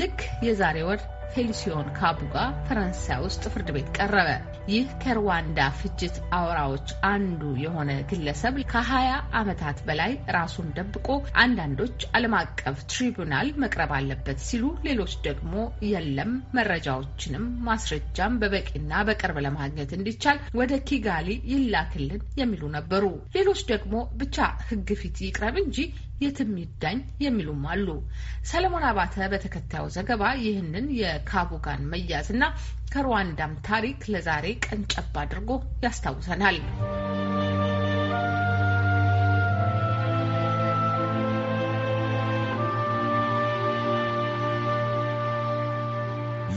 ልክ የዛሬ ወር ፌሊሲዮን ካቡጋ ፈረንሳይ ውስጥ ፍርድ ቤት ቀረበ። ይህ ከሩዋንዳ ፍጅት አውራዎች አንዱ የሆነ ግለሰብ ከ20 ዓመታት በላይ ራሱን ደብቆ አንዳንዶች ዓለም አቀፍ ትሪቡናል መቅረብ አለበት ሲሉ፣ ሌሎች ደግሞ የለም መረጃዎችንም ማስረጃም በበቂና በቅርብ ለማግኘት እንዲቻል ወደ ኪጋሊ ይላክልን የሚሉ ነበሩ። ሌሎች ደግሞ ብቻ ሕግ ፊት ይቅረብ እንጂ የትም ይዳኝ የሚሉም አሉ። ሰለሞን አባተ በተከታዩ ዘገባ ይህንን የካቡጋን መያዝና ከሩዋንዳም ታሪክ ለዛሬ ቀንጨብ አድርጎ ያስታውሰናል።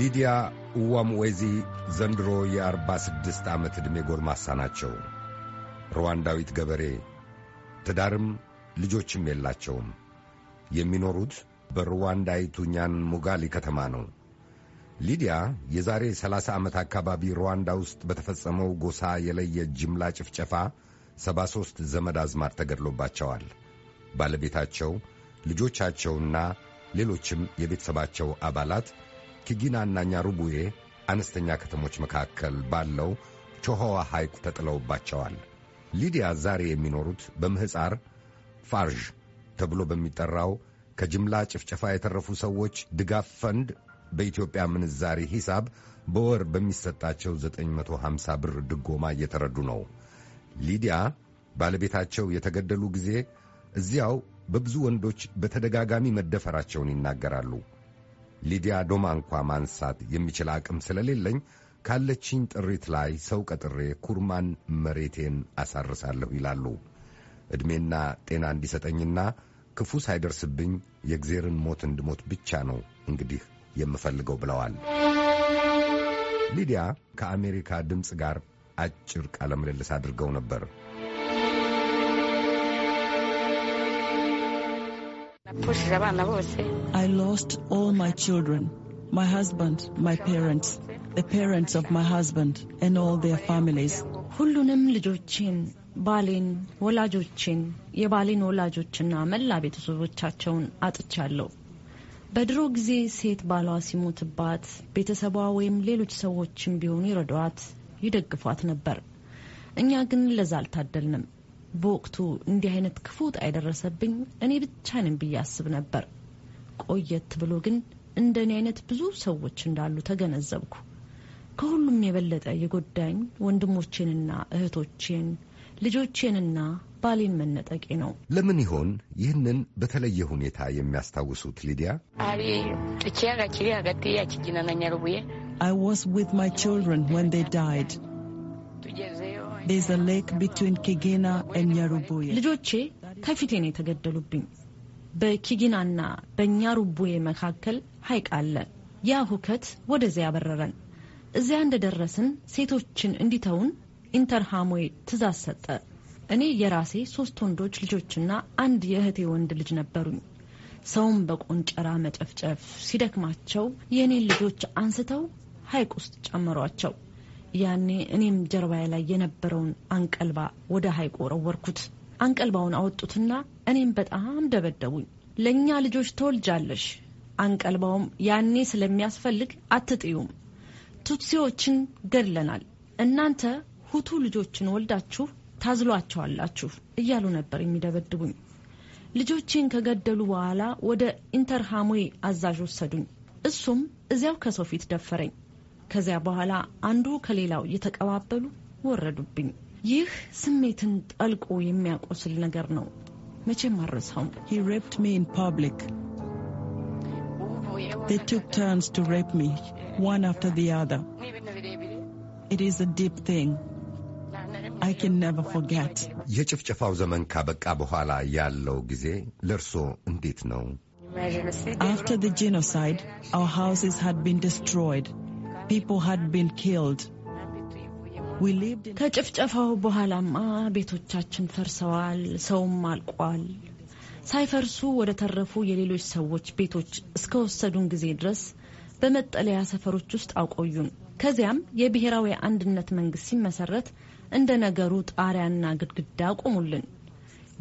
ሊዲያ እዋምዌዚ ዘንድሮ የ46 ዓመት ዕድሜ ጎልማሳ ናቸው። ሩዋንዳዊት ገበሬ ትዳርም ልጆችም የላቸውም። የሚኖሩት በሩዋንዳይቱ ኛን ሙጋሊ ከተማ ነው። ሊዲያ የዛሬ 30 ዓመት አካባቢ ሩዋንዳ ውስጥ በተፈጸመው ጎሳ የለየ ጅምላ ጭፍጨፋ 73 ዘመድ አዝማድ ተገድሎባቸዋል። ባለቤታቸው፣ ልጆቻቸውና ሌሎችም የቤተሰባቸው አባላት ኪጊናና ኛሩቡዬ አነስተኛ ከተሞች መካከል ባለው ቾሖዋ ሐይቅ ተጥለውባቸዋል። ሊዲያ ዛሬ የሚኖሩት በምሕፃር ፋርዥ ተብሎ በሚጠራው ከጅምላ ጭፍጨፋ የተረፉ ሰዎች ድጋፍ ፈንድ በኢትዮጵያ ምንዛሪ ሂሳብ በወር በሚሰጣቸው 950 ብር ድጎማ እየተረዱ ነው። ሊዲያ ባለቤታቸው የተገደሉ ጊዜ እዚያው በብዙ ወንዶች በተደጋጋሚ መደፈራቸውን ይናገራሉ። ሊዲያ ዶማ እንኳ ማንሳት የሚችል አቅም ስለሌለኝ ካለችኝ ጥሪት ላይ ሰው ቀጥሬ ኩርማን መሬቴን አሳርሳለሁ ይላሉ። ዕድሜና ጤና እንዲሰጠኝና ክፉ ሳይደርስብኝ የእግዜርን ሞት እንድሞት ብቻ ነው እንግዲህ የምፈልገው ብለዋል። ሊዲያ ከአሜሪካ ድምፅ ጋር አጭር ቃለ ምልልስ አድርገው ነበር። I lost all my children, my husband, my parents, the parents of my husband and all their families. ሁሉንም ልጆቼን ባሌን፣ ወላጆችን የባሌን ወላጆችና መላ ቤተሰቦቻቸውን አጥቻለሁ። በድሮ ጊዜ ሴት ባሏ ሲሞትባት ቤተሰቧ ወይም ሌሎች ሰዎችም ቢሆኑ ይረዷት፣ ይደግፏት ነበር። እኛ ግን ለዛ አልታደልንም። በወቅቱ እንዲህ አይነት ክፉ ዕጣ የደረሰብኝ እኔ ብቻ ነኝ ብዬ አስብ ነበር። ቆየት ብሎ ግን እንደ እኔ አይነት ብዙ ሰዎች እንዳሉ ተገነዘብኩ። ከሁሉም የበለጠ የጎዳኝ ወንድሞቼንና እህቶቼን ልጆቼንና ባሌን መነጠቄ ነው። ለምን ይሆን ይህንን በተለየ ሁኔታ የሚያስታውሱት? ሊዲያ I was with my children when they died. There's a lake between Kigina and Nyarubuye. ልጆቼ ከፊቴን የተገደሉብኝ። በኪጊናና በኛሩቡዬ መካከል ሐይቅ አለ። ያ ሁከት ወደዚያ ያበረረን። እዚያ እንደደረስን ሴቶችን እንዲተውን ኢንተርሃሞይ ትእዛዝ ሰጠ። እኔ የራሴ ሶስት ወንዶች ልጆችና አንድ የእህቴ ወንድ ልጅ ነበሩኝ። ሰውን በቆንጨራ መጨፍጨፍ ሲደክማቸው የእኔን ልጆች አንስተው ሐይቅ ውስጥ ጨመሯቸው። ያኔ እኔም ጀርባዬ ላይ የነበረውን አንቀልባ ወደ ሐይቁ ወረወርኩት። አንቀልባውን አወጡትና እኔም በጣም ደበደቡኝ። ለእኛ ልጆች ተወልጃለሽ፣ አንቀልባውም ያኔ ስለሚያስፈልግ አትጥዩም። ቱትሲዎችን ገድለናል። እናንተ ሁቱ ልጆችን ወልዳችሁ ታዝሏቸዋላችሁ እያሉ ነበር የሚደበድቡኝ። ልጆቼን ከገደሉ በኋላ ወደ ኢንተርሃሙዌ አዛዥ ወሰዱኝ። እሱም እዚያው ከሰው ፊት ደፈረኝ። ከዚያ በኋላ አንዱ ከሌላው እየተቀባበሉ ወረዱብኝ። ይህ ስሜትን ጠልቆ የሚያቆስል ነገር ነው። መቼም አረሳውም። He raped me in public. They took turns to rape me, one after the other. It is a deep thing. የጭፍጨፋው ዘመን ካበቃ በኋላ ያለው ጊዜ ለእርስዎ እንዴት ነው? ከጭፍጨፋው በኋላማ ቤቶቻችን ፈርሰዋል፣ ሰውም አልቋል። ሳይፈርሱ ወደ ተረፉ የሌሎች ሰዎች ቤቶች እስከወሰዱን ጊዜ ድረስ በመጠለያ ሰፈሮች ውስጥ አቆዩን። ከዚያም የብሔራዊ አንድነት መንግስት ሲመሰረት እንደ ነገሩ ጣሪያና ግድግዳ ቆሙልን።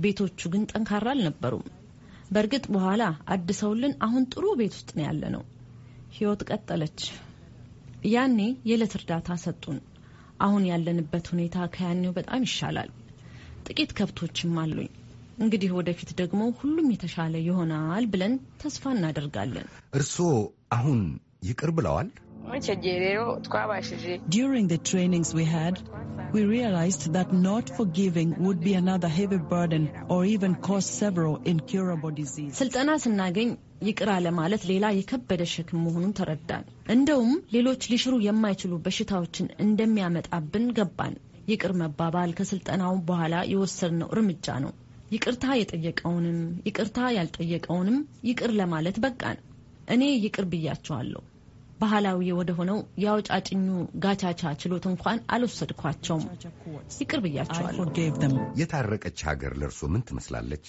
ቤቶቹ ግን ጠንካራ አልነበሩም። በእርግጥ በኋላ አድሰውልን አሁን ጥሩ ቤት ውስጥ ነው ያለ ነው። ህይወት ቀጠለች። ያኔ የዕለት እርዳታ ሰጡን። አሁን ያለንበት ሁኔታ ከያኔው በጣም ይሻላል። ጥቂት ከብቶችም አሉኝ። እንግዲህ ወደፊት ደግሞ ሁሉም የተሻለ ይሆናል ብለን ተስፋ እናደርጋለን። እርስዎ አሁን ይቅር ብለዋል? During the trainings we had, We realized that not forgiving would be another heavy burden or even cause several incurable diseases. ስልጠና ስናገኝ ይቅር ለማለት ሌላ የከበደ ሸክም መሆኑን ተረዳን። እንደውም ሌሎች ሊሽሩ የማይችሉ በሽታዎችን እንደሚያመጣብን ገባን። ይቅር መባባል ከስልጠናው በኋላ የወሰድነው እርምጃ ነው። ይቅርታ የጠየቀውንም ይቅርታ ያልጠየቀውንም ይቅር ለማለት በቃን። እኔ ይቅር ብያቸዋለሁ። ባህላዊ ወደ ሆነው የአውጫጭኙ ጋቻቻ ችሎት እንኳን አልወሰድኳቸውም። ይቅር ብያቸዋለሁ። የታረቀች ሀገር ለእርሶ ምን ትመስላለች?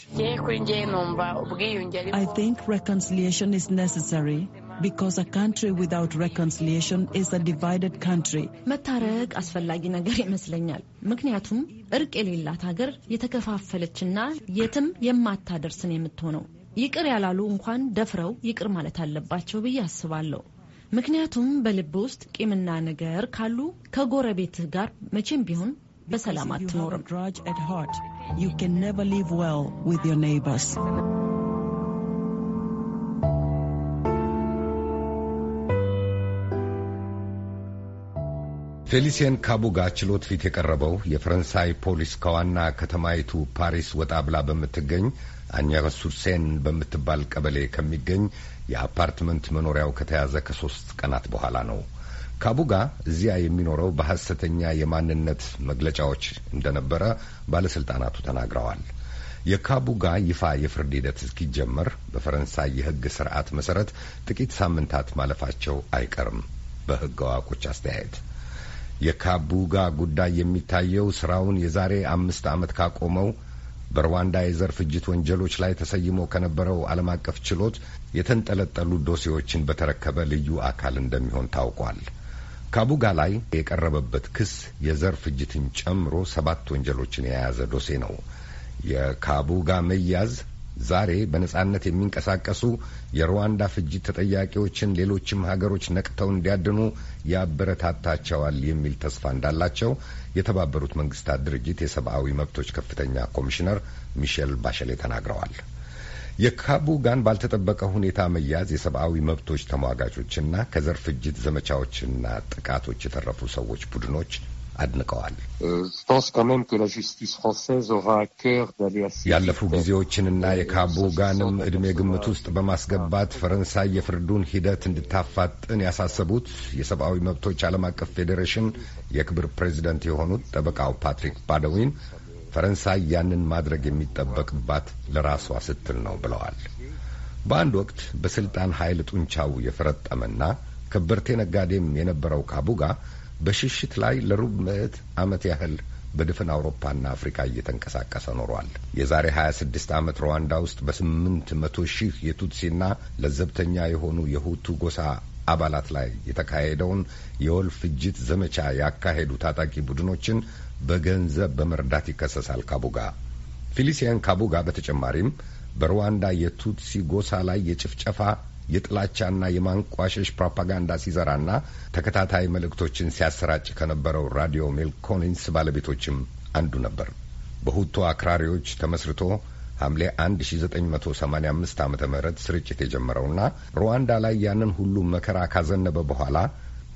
መታረቅ አስፈላጊ ነገር ይመስለኛል። ምክንያቱም እርቅ የሌላት ሀገር የተከፋፈለችና የትም የማታደርስን የምትሆነው። ይቅር ያላሉ እንኳን ደፍረው ይቅር ማለት አለባቸው ብዬ አስባለሁ። ምክንያቱም በልብ ውስጥ ቂምና ነገር ካሉ ከጎረቤትህ ጋር መቼም ቢሆን በሰላም አትኖርም። ፌሊሲየን ካቡጋ ችሎት ፊት የቀረበው የፈረንሳይ ፖሊስ ከዋና ከተማይቱ ፓሪስ ወጣ ብላ በምትገኝ ሱርሴን በምትባል ቀበሌ ከሚገኝ የአፓርትመንት መኖሪያው ከተያዘ ከሶስት ቀናት በኋላ ነው። ካቡጋ እዚያ የሚኖረው በሐሰተኛ የማንነት መግለጫዎች እንደነበረ ባለሥልጣናቱ ተናግረዋል። የካቡጋ ይፋ የፍርድ ሂደት እስኪጀመር በፈረንሳይ የሕግ ስርዓት መሠረት ጥቂት ሳምንታት ማለፋቸው አይቀርም በሕግ አዋቆች አስተያየት የካቡጋ ጉዳይ የሚታየው ስራውን የዛሬ አምስት ዓመት ካቆመው በሩዋንዳ የዘር ፍጅት ወንጀሎች ላይ ተሰይሞ ከነበረው ዓለም አቀፍ ችሎት የተንጠለጠሉ ዶሴዎችን በተረከበ ልዩ አካል እንደሚሆን ታውቋል። ካቡጋ ላይ የቀረበበት ክስ የዘር ፍጅትን ጨምሮ ሰባት ወንጀሎችን የያዘ ዶሴ ነው። የካቡጋ መያዝ ዛሬ በነጻነት የሚንቀሳቀሱ የሩዋንዳ ፍጅት ተጠያቂዎችን ሌሎችም ሀገሮች ነቅተው እንዲያድኑ ያበረታታቸዋል የሚል ተስፋ እንዳላቸው የተባበሩት መንግስታት ድርጅት የሰብአዊ መብቶች ከፍተኛ ኮሚሽነር ሚሼል ባሸሌ ተናግረዋል። የካቡጋን ባልተጠበቀ ሁኔታ መያዝ የሰብአዊ መብቶች ተሟጋቾችና ከዘር ፍጅት ዘመቻዎችና ጥቃቶች የተረፉ ሰዎች ቡድኖች አድንቀዋል። ያለፉ ጊዜዎችንና የካቦ ጋንም ዕድሜ ግምት ውስጥ በማስገባት ፈረንሳይ የፍርዱን ሂደት እንድታፋጥን ያሳሰቡት የሰብአዊ መብቶች ዓለም አቀፍ ፌዴሬሽን የክብር ፕሬዚደንት የሆኑት ጠበቃው ፓትሪክ ባደዊን ፈረንሳይ ያንን ማድረግ የሚጠበቅባት ለራሷ ስትል ነው ብለዋል። በአንድ ወቅት በስልጣን ኃይል ጡንቻው የፈረጠመና ከበርቴ ነጋዴም የነበረው ካቡጋ በሽሽት ላይ ለሩብ ምዕት ዓመት ያህል በድፍን አውሮፓና አፍሪካ እየተንቀሳቀሰ ኖሯል። የዛሬ 26 ዓመት ሩዋንዳ ውስጥ በስምንት መቶ ሺህ የቱትሲና ለዘብተኛ የሆኑ የሁቱ ጎሳ አባላት ላይ የተካሄደውን የወል ፍጅት ዘመቻ ያካሄዱ ታጣቂ ቡድኖችን በገንዘብ በመርዳት ይከሰሳል። ካቡጋ ፊሊሲያን ካቡጋ በተጨማሪም በሩዋንዳ የቱትሲ ጎሳ ላይ የጭፍጨፋ የጥላቻና የማንቋሸሽ ፕሮፓጋንዳ ሲዘራና ተከታታይ መልእክቶችን ሲያሰራጭ ከነበረው ራዲዮ ሜል ባለቤቶችም አንዱ ነበር። በሁቱ አክራሪዎች ተመስርቶ ሐምሌ 1985 ዓ ም ስርጭት የጀመረውና ሩዋንዳ ላይ ያንን ሁሉ መከራ ካዘነበ በኋላ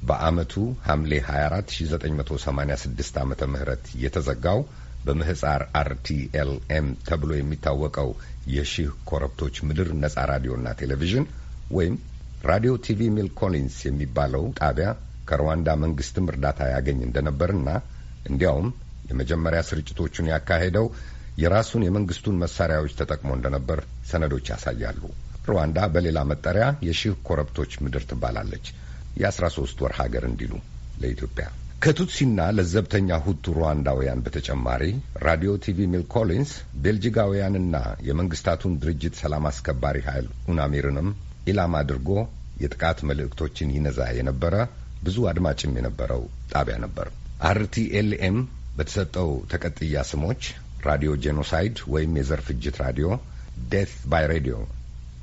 በአመቱ ሐምሌ 24986 ዓ ም የተዘጋው በምህፃር አርቲኤልኤም ተብሎ የሚታወቀው የሺህ ኮረብቶች ምድር ነጻ ራዲዮና ቴሌቪዥን ወይም ራዲዮ ቲቪ ሚል ኮሊንስ የሚባለው ጣቢያ ከሩዋንዳ መንግስትም እርዳታ ያገኝ እንደነበርና እንዲያውም የመጀመሪያ ስርጭቶቹን ያካሄደው የራሱን የመንግስቱን መሳሪያዎች ተጠቅሞ እንደነበር ሰነዶች ያሳያሉ። ሩዋንዳ በሌላ መጠሪያ የሺህ ኮረብቶች ምድር ትባላለች። የአስራ ሶስት ወር ሀገር እንዲሉ ለኢትዮጵያ ከቱትሲና ለዘብተኛ ሁቱ ሩዋንዳውያን በተጨማሪ ራዲዮ ቲቪ ሚል ኮሊንስ ቤልጂጋውያንና የመንግስታቱን ድርጅት ሰላም አስከባሪ ኃይል ኡናሚርንም ኢላማ አድርጎ የጥቃት መልእክቶችን ይነዛ የነበረ ብዙ አድማጭም የነበረው ጣቢያ ነበር። አርቲኤልኤም በተሰጠው ተቀጥያ ስሞች ራዲዮ ጄኖሳይድ ወይም የዘር ፍጅት ራዲዮ፣ ዴት ባይ ሬዲዮ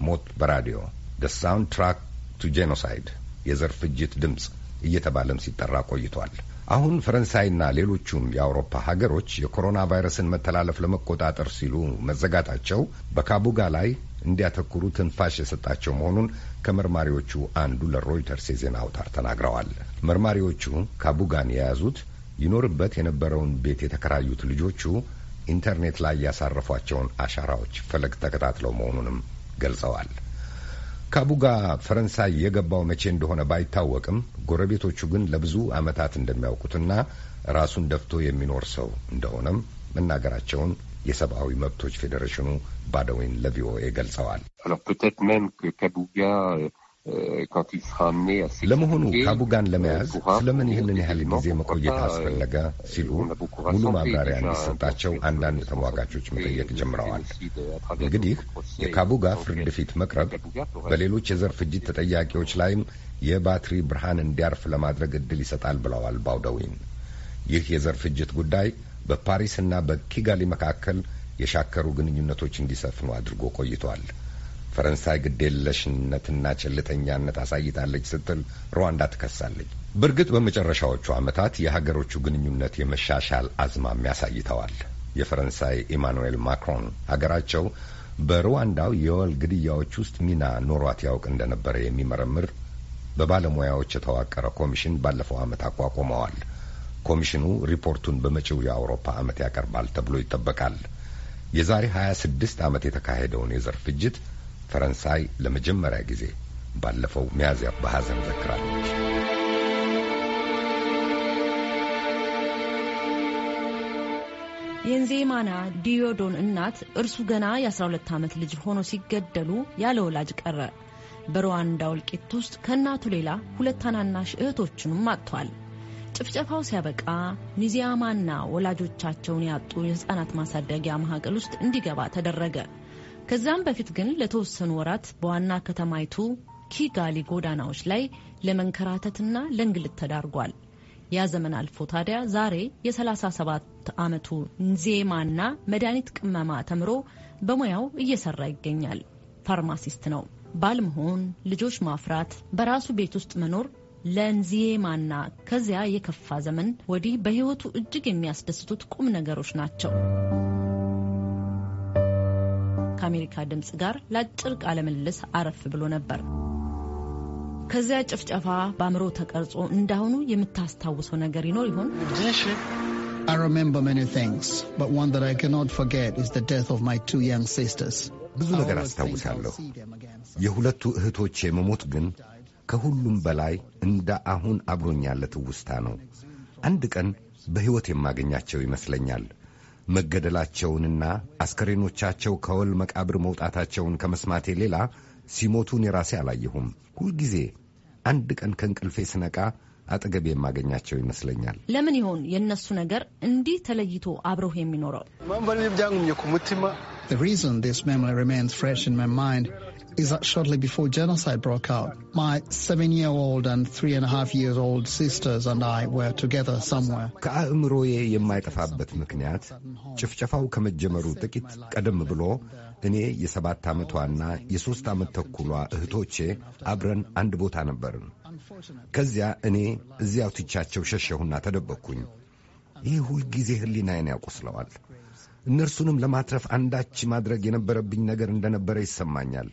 ሞት በራዲዮ ደ ሳውንድ ትራክ ቱ ጄኖሳይድ የዘር ፍጅት ድምፅ እየተባለም ሲጠራ ቆይቷል። አሁን ፈረንሳይና ሌሎቹም የአውሮፓ ሀገሮች የኮሮና ቫይረስን መተላለፍ ለመቆጣጠር ሲሉ መዘጋታቸው በካቡጋ ላይ እንዲያተኩሩ ትንፋሽ የሰጣቸው መሆኑን ከመርማሪዎቹ አንዱ ለሮይተርስ የዜና አውታር ተናግረዋል። መርማሪዎቹ ካቡጋን የያዙት ይኖርበት የነበረውን ቤት የተከራዩት ልጆቹ ኢንተርኔት ላይ ያሳረፏቸውን አሻራዎች ፈለግ ተከታትለው መሆኑንም ገልጸዋል። ካቡጋ ፈረንሳይ የገባው መቼ እንደሆነ ባይታወቅም ጎረቤቶቹ ግን ለብዙ ዓመታት እንደሚያውቁትና ራሱን ደፍቶ የሚኖር ሰው እንደሆነም መናገራቸውን የሰብአዊ መብቶች ፌዴሬሽኑ ባደዌን ለቪኦኤ ገልጸዋል። ለመሆኑ ካቡጋን ለመያዝ ስለምን ይህንን ያህል ጊዜ መቆየት አስፈለገ ሲሉ ሙሉ ማብራሪያ እንዲሰጣቸው አንዳንድ ተሟጋቾች መጠየቅ ጀምረዋል። እንግዲህ የካቡጋ ፍርድ ፊት መቅረብ በሌሎች የዘር ፍጅት ተጠያቂዎች ላይም የባትሪ ብርሃን እንዲያርፍ ለማድረግ እድል ይሰጣል ብለዋል ባውደዊን። ይህ የዘር ፍጅት ጉዳይ በፓሪስና በኪጋሊ መካከል የሻከሩ ግንኙነቶች እንዲሰፍኑ አድርጎ ቆይቷል። ፈረንሳይ ግዴለሽነትና ቸልተኛነት አሳይታለች ስትል ሩዋንዳ ትከሳለች። በእርግጥ በመጨረሻዎቹ ዓመታት የሀገሮቹ ግንኙነት የመሻሻል አዝማሚያ አሳይተዋል። የፈረንሳይ ኢማኑኤል ማክሮን ሀገራቸው በሩዋንዳው የወል ግድያዎች ውስጥ ሚና ኖሯት ያውቅ እንደነበረ የሚመረምር በባለሙያዎች የተዋቀረ ኮሚሽን ባለፈው ዓመት አቋቁመዋል። ኮሚሽኑ ሪፖርቱን በመጪው የአውሮፓ ዓመት ያቀርባል ተብሎ ይጠበቃል። የዛሬ 26 ዓመት የተካሄደውን የዘር ፍጅት ፈረንሳይ ለመጀመሪያ ጊዜ ባለፈው ሚያዝያ በሐዘን ዘክራለች። የንዜማና ዲዮዶን እናት እርሱ ገና የ12 ዓመት ልጅ ሆኖ ሲገደሉ ያለ ወላጅ ቀረ። በሩዋንዳ ውልቂት ውስጥ ከእናቱ ሌላ ሁለት ታናናሽ እህቶቹንም አጥቷል። ጭፍጨፋው ሲያበቃ ኒዚያማና ወላጆቻቸውን ያጡ የሕፃናት ማሳደጊያ ማዕከል ውስጥ እንዲገባ ተደረገ። ከዚያም በፊት ግን ለተወሰኑ ወራት በዋና ከተማይቱ ኪጋሊ ጎዳናዎች ላይ ለመንከራተትና ለእንግልት ተዳርጓል። ያ ዘመን አልፎ ታዲያ ዛሬ የ37 ዓመቱ ዜማና መድኃኒት ቅመማ ተምሮ በሙያው እየሰራ ይገኛል። ፋርማሲስት ነው። ባል መሆን፣ ልጆች ማፍራት፣ በራሱ ቤት ውስጥ መኖር ለንዚዬማና ከዚያ የከፋ ዘመን ወዲህ በሕይወቱ እጅግ የሚያስደስቱት ቁም ነገሮች ናቸው። ከአሜሪካ ድምፅ ጋር ለአጭር ቃለ ምልልስ አረፍ ብሎ ነበር። ከዚያ ጭፍጨፋ በአእምሮ ተቀርጾ እንዳሁኑ የምታስታውሰው ነገር ይኖር ይሆን? I remember many things, but one that I cannot forget is the death of my two young sisters. ብዙ ነገር አስታውሳለሁ። የሁለቱ እህቶቼ መሞት ግን ከሁሉም በላይ እንደ አሁን አብሮኝ ውስታ ነው። አንድ ቀን በሕይወት የማገኛቸው ይመስለኛል። መገደላቸውንና አስከሬኖቻቸው ከወል መቃብር መውጣታቸውን ከመስማቴ ሌላ ሲሞቱን የራሴ አላየሁም። ሁልጊዜ አንድ ቀን ከእንቅልፌ ስነቃ አጠገብ የማገኛቸው ይመስለኛል። ለምን ይሆን የእነሱ ነገር እንዲህ ተለይቶ አብረው የሚኖረው? is that shortly before genocide broke out, my seven year old and three and a half year old sisters and I were together somewhere. ከአእምሮዬ የማይጠፋበት ምክንያት ጭፍጨፋው ከመጀመሩ ጥቂት ቀደም ብሎ እኔ የሰባት ዓመቷና የሦስት ዓመት ተኩሏ እህቶቼ አብረን አንድ ቦታ ነበርን። ከዚያ እኔ እዚያው ትቻቸው ሸሸሁና ተደበቅኩኝ። ይህ ሁልጊዜ ሕሊናዬን ያቆስለዋል። እነርሱንም ለማትረፍ አንዳች ማድረግ የነበረብኝ ነገር እንደነበረ ይሰማኛል።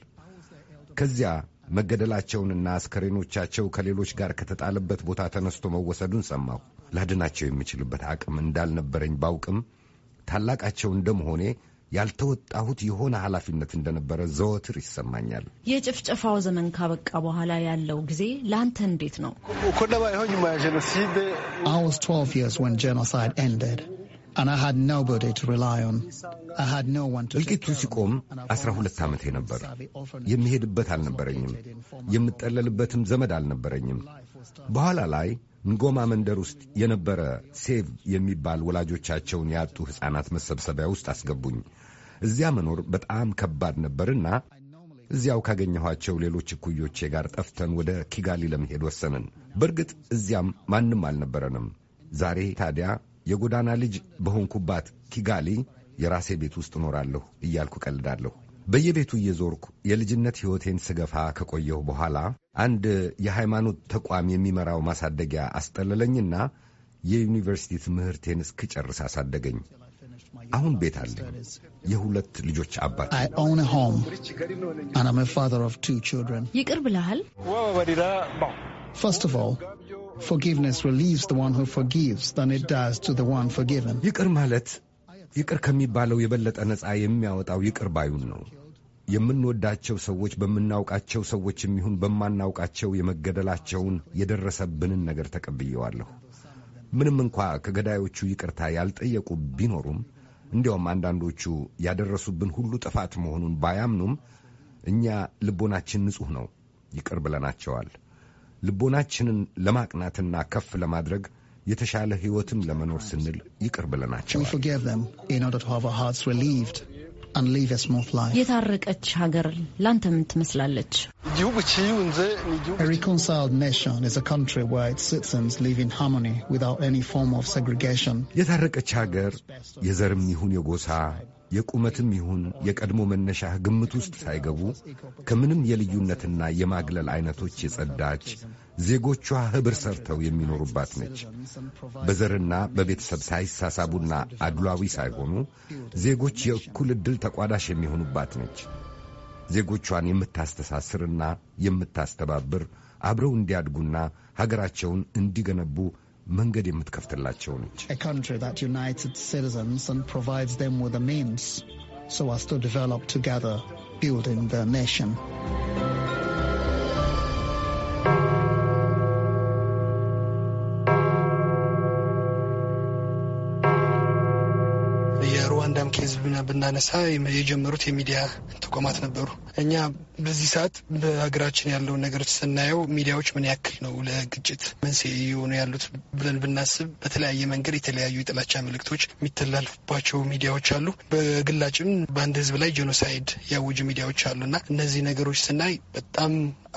ከዚያ መገደላቸውንና አስከሬኖቻቸው ከሌሎች ጋር ከተጣለበት ቦታ ተነስቶ መወሰዱን ሰማሁ። ላድናቸው የምችልበት አቅም እንዳልነበረኝ ባውቅም ታላቃቸው እንደመሆኔ ያልተወጣሁት የሆነ ኃላፊነት እንደነበረ ዘወትር ይሰማኛል። የጭፍጨፋው ዘመን ካበቃ በኋላ ያለው ጊዜ ለአንተ እንዴት ነው? እልቂቱ ሲቆም ዐሥራ ሁለት ዓመቴ ነበር። የምሄድበት አልነበረኝም። የምጠለልበትም ዘመድ አልነበረኝም። በኋላ ላይ ንጎማ መንደር ውስጥ የነበረ ሴቭ የሚባል ወላጆቻቸውን ያጡ ሕፃናት መሰብሰቢያ ውስጥ አስገቡኝ። እዚያ መኖር በጣም ከባድ ነበርና እዚያው ካገኘኋቸው ሌሎች እኩዮቼ ጋር ጠፍተን ወደ ኪጋሊ ለመሄድ ወሰንን። በእርግጥ እዚያም ማንም አልነበረንም። ዛሬ ታዲያ የጎዳና ልጅ በሆንኩባት ኪጋሊ የራሴ ቤት ውስጥ እኖራለሁ እያልኩ ቀልዳለሁ። በየቤቱ እየዞርኩ የልጅነት ሕይወቴን ስገፋ ከቆየሁ በኋላ አንድ የሃይማኖት ተቋም የሚመራው ማሳደጊያ አስጠለለኝና የዩኒቨርሲቲ ትምህርቴን እስክጨርስ አሳደገኝ። አሁን ቤት አለኝ፣ የሁለት ልጆች አባት። ይቅር ብለሃል። Forgiveness relieves the one who forgives than it does to the one forgiven. ይቅር ማለት ይቅር ከሚባለው የበለጠ ነፃ የሚያወጣው ይቅር ባዩን ነው። የምንወዳቸው ሰዎች በምናውቃቸው ሰዎች የሚሆን በማናውቃቸው የመገደላቸውን የደረሰብንን ነገር ተቀብየዋለሁ። ምንም እንኳ ከገዳዮቹ ይቅርታ ያልጠየቁ ቢኖሩም እንዲያውም አንዳንዶቹ ያደረሱብን ሁሉ ጥፋት መሆኑን ባያምኑም እኛ ልቦናችን ንጹሕ ነው፣ ይቅር ብለናቸዋል። ልቦናችንን ለማቅናትና ከፍ ለማድረግ የተሻለ ሕይወትን ለመኖር ስንል ይቅር ብለናቸው የታረቀች ሀገር ላንተ ምን ትመስላለች? የታረቀች ሀገር የዘርም ይሁን የጎሳ የቁመትም ይሁን የቀድሞ መነሻ ግምት ውስጥ ሳይገቡ ከምንም የልዩነትና የማግለል አይነቶች የጸዳች ዜጎቿ ኅብር ሰርተው የሚኖሩባት ነች። በዘርና በቤተሰብ ሳይሳሳቡና አድሏዊ ሳይሆኑ ዜጎች የእኩል ዕድል ተቋዳሽ የሚሆኑባት ነች። ዜጎቿን የምታስተሳስርና የምታስተባብር አብረው እንዲያድጉና ሀገራቸውን እንዲገነቡ መንገድ የምትከፍትላቸው ነች። So as to develop together, building the nation. የሩዋንዳም ኬዝ ብናነሳ የጀመሩት የሚዲያ ተቋማት ነበሩ። እኛ በዚህ ሰዓት በሀገራችን ያለውን ነገር ስናየው ሚዲያዎች ምን ያክል ነው ለግጭት መንስኤ እየሆኑ ያሉት ብለን ብናስብ በተለያየ መንገድ የተለያዩ የጥላቻ ምልክቶች የሚተላለፉባቸው ሚዲያዎች አሉ። በግላጭም በአንድ ህዝብ ላይ ጄኖሳይድ ያወጁ ሚዲያዎች አሉ እና እነዚህ ነገሮች ስናይ በጣም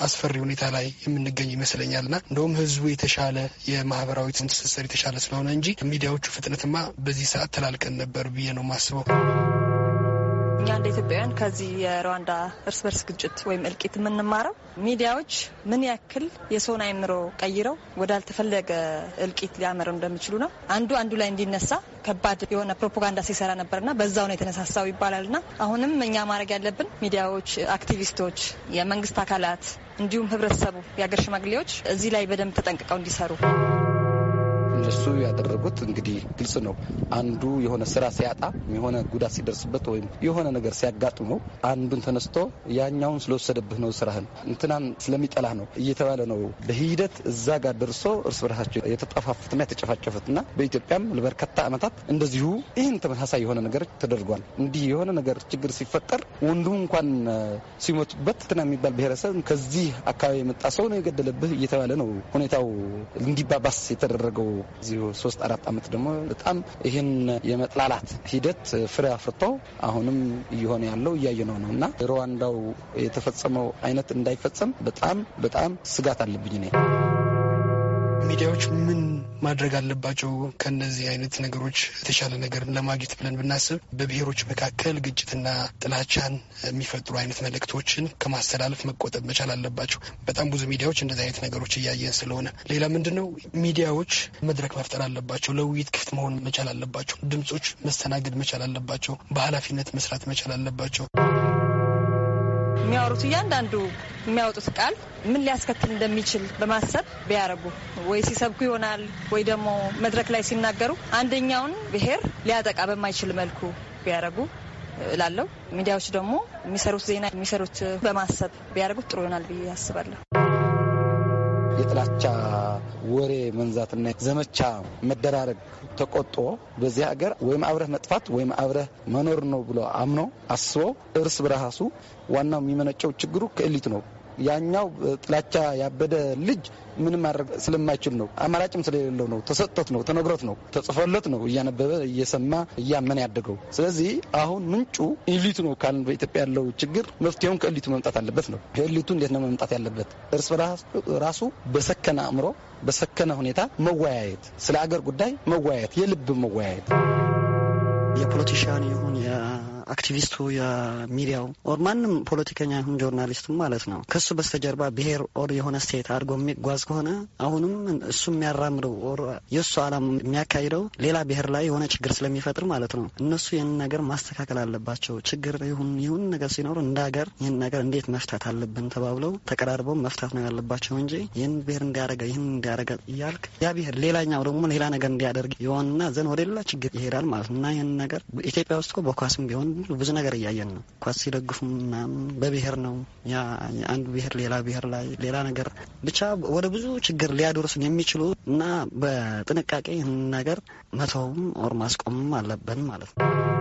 አስፈሪ ሁኔታ ላይ የምንገኝ ይመስለኛል እንደውም ህዝቡ የተሻለ የማህበራዊ ትስስር የተሻለ ስለሆነ እንጂ ሚዲያዎቹ ፍጥነትማ በዚህ ሰዓት ተላልቀን ነበር ብዬ ነው የማስበው። እኛ እንደ ኢትዮጵያውያን ከዚህ የሩዋንዳ እርስ በርስ ግጭት ወይም እልቂት የምንማረው ሚዲያዎች ምን ያክል የሰውን አይምሮ ቀይረው ወዳልተፈለገ እልቂት ሊያመረ እንደሚችሉ ነው። አንዱ አንዱ ላይ እንዲነሳ ከባድ የሆነ ፕሮፓጋንዳ ሲሰራ ነበርና በዛው ነው የተነሳሳው ይባላልና አሁንም እኛ ማድረግ ያለብን ሚዲያዎች፣ አክቲቪስቶች፣ የመንግስት አካላት እንዲሁም ህብረተሰቡ፣ የአገር ሽማግሌዎች እዚህ ላይ በደንብ ተጠንቅቀው እንዲሰሩ እነሱ ያደረጉት እንግዲህ ግልጽ ነው። አንዱ የሆነ ስራ ሲያጣ የሆነ ጉዳት ሲደርስበት ወይም የሆነ ነገር ሲያጋጥመው አንዱን ተነስቶ ያኛውን ስለወሰደብህ ነው ስራህን እንትናን ስለሚጠላ ነው እየተባለ ነው። በሂደት እዛ ጋር ደርሶ እርስ በርሳቸው የተጠፋፉትና የተጨፋጨፉትና በኢትዮጵያም ለበርካታ ዓመታት እንደዚሁ ይህን ተመሳሳይ የሆነ ነገር ተደርጓል። እንዲህ የሆነ ነገር ችግር ሲፈጠር ወንዱ እንኳን ሲሞቱበት እንትና የሚባል ብሔረሰብ ከዚህ አካባቢ የመጣ ሰው ነው የገደለብህ እየተባለ ነው ሁኔታው እንዲባባስ የተደረገው እዚሁ ሶስት አራት ዓመት ደግሞ በጣም ይህን የመጥላላት ሂደት ፍሬ አፍርቶ አሁንም እየሆነ ያለው እያየ ነው ነው እና ሩዋንዳው የተፈጸመው አይነት እንዳይፈጸም በጣም በጣም ስጋት አለብኝ ነ ሚዲያዎች ምን ማድረግ አለባቸው። ከነዚህ አይነት ነገሮች የተሻለ ነገር ለማግኘት ብለን ብናስብ በብሔሮች መካከል ግጭትና ጥላቻን የሚፈጥሩ አይነት መልእክቶችን ከማስተላለፍ መቆጠብ መቻል አለባቸው። በጣም ብዙ ሚዲያዎች እንደዚህ አይነት ነገሮች እያየን ስለሆነ፣ ሌላ ምንድን ነው ሚዲያዎች መድረክ መፍጠር አለባቸው። ለውይይት ክፍት መሆን መቻል አለባቸው። ድምጾች መስተናገድ መቻል አለባቸው። በኃላፊነት መስራት መቻል አለባቸው። የሚያወሩት እያንዳንዱ የሚያወጡት ቃል ምን ሊያስከትል እንደሚችል በማሰብ ቢያረጉ ወይ ሲሰብኩ ይሆናል ወይ ደግሞ መድረክ ላይ ሲናገሩ አንደኛውን ብሔር ሊያጠቃ በማይችል መልኩ ቢያረጉ ላለው ሚዲያዎች ደግሞ የሚሰሩት ዜና የሚሰሩት በማሰብ ቢያደርጉት ጥሩ ይሆናል ብዬ አስባለሁ። የጥላቻ ወሬ መንዛትና ዘመቻ መደራረግ ተቆጦ በዚህ ሀገር ወይም አብረህ መጥፋት ወይም አብረህ መኖር ነው ብሎ አምኖ አስቦ እርስ በራሱ ዋናው የሚመነጨው ችግሩ ክእሊት ነው። ያኛው ጥላቻ ያበደ ልጅ ምን ማድረግ ስለማይችል ነው። አማራጭም ስለሌለው ነው። ተሰጥቶት ነው፣ ተነግሮት ነው፣ ተጽፎለት ነው እያነበበ እየሰማ እያመን ያደገው። ስለዚህ አሁን ምንጩ ኢሊቱ ነው ካልን በኢትዮጵያ ያለው ችግር መፍትሄውን ከኢሊቱ መምጣት አለበት ነው። ከኢሊቱ እንዴት ነው መምጣት ያለበት? እርስ በራሱ በሰከነ አእምሮ፣ በሰከነ ሁኔታ መወያየት፣ ስለ አገር ጉዳይ መወያየት፣ የልብ መወያየት የፖለቲሽያን ይሁን አክቲቪስቱ የሚዲያው ኦር ማንም ፖለቲከኛ ይሁን ጆርናሊስቱ ማለት ነው ከሱ በስተጀርባ ብሄር ኦር የሆነ ስቴት አድርጎ የሚጓዝ ከሆነ አሁንም እሱ የሚያራምደው ኦር የእሱ አላማ የሚያካሂደው ሌላ ብሄር ላይ የሆነ ችግር ስለሚፈጥር ማለት ነው እነሱ ይህን ነገር ማስተካከል አለባቸው። ችግር ይሁን ይሁን ነገር ሲኖር እንደ ሀገር ይህን ነገር እንዴት መፍታት አለብን ተባብለው ተቀራርበው መፍታት ነው ያለባቸው እንጂ ይህን ብሄር እንዲያደረገ ይህን እንዲያደረገ እያልክ ያ ብሄር ሌላኛው ደግሞ ሌላ ነገር እንዲያደርግ የሆንና ዘን ወደ ሌላ ችግር ይሄዳል ማለት ነው እና ይህን ነገር ኢትዮጵያ ውስጥ በኳስም ቢሆን ብዙ ነገር እያየን ነው። ኳስ ሲደግፉ ምናምን በብሔር ነው አንድ ብሔር ሌላ ብሔር ላይ ሌላ ነገር ብቻ ወደ ብዙ ችግር ሊያደርሱን የሚችሉ እና በጥንቃቄ ይህን ነገር መተውም ኦር ማስቆምም አለብን ማለት ነው።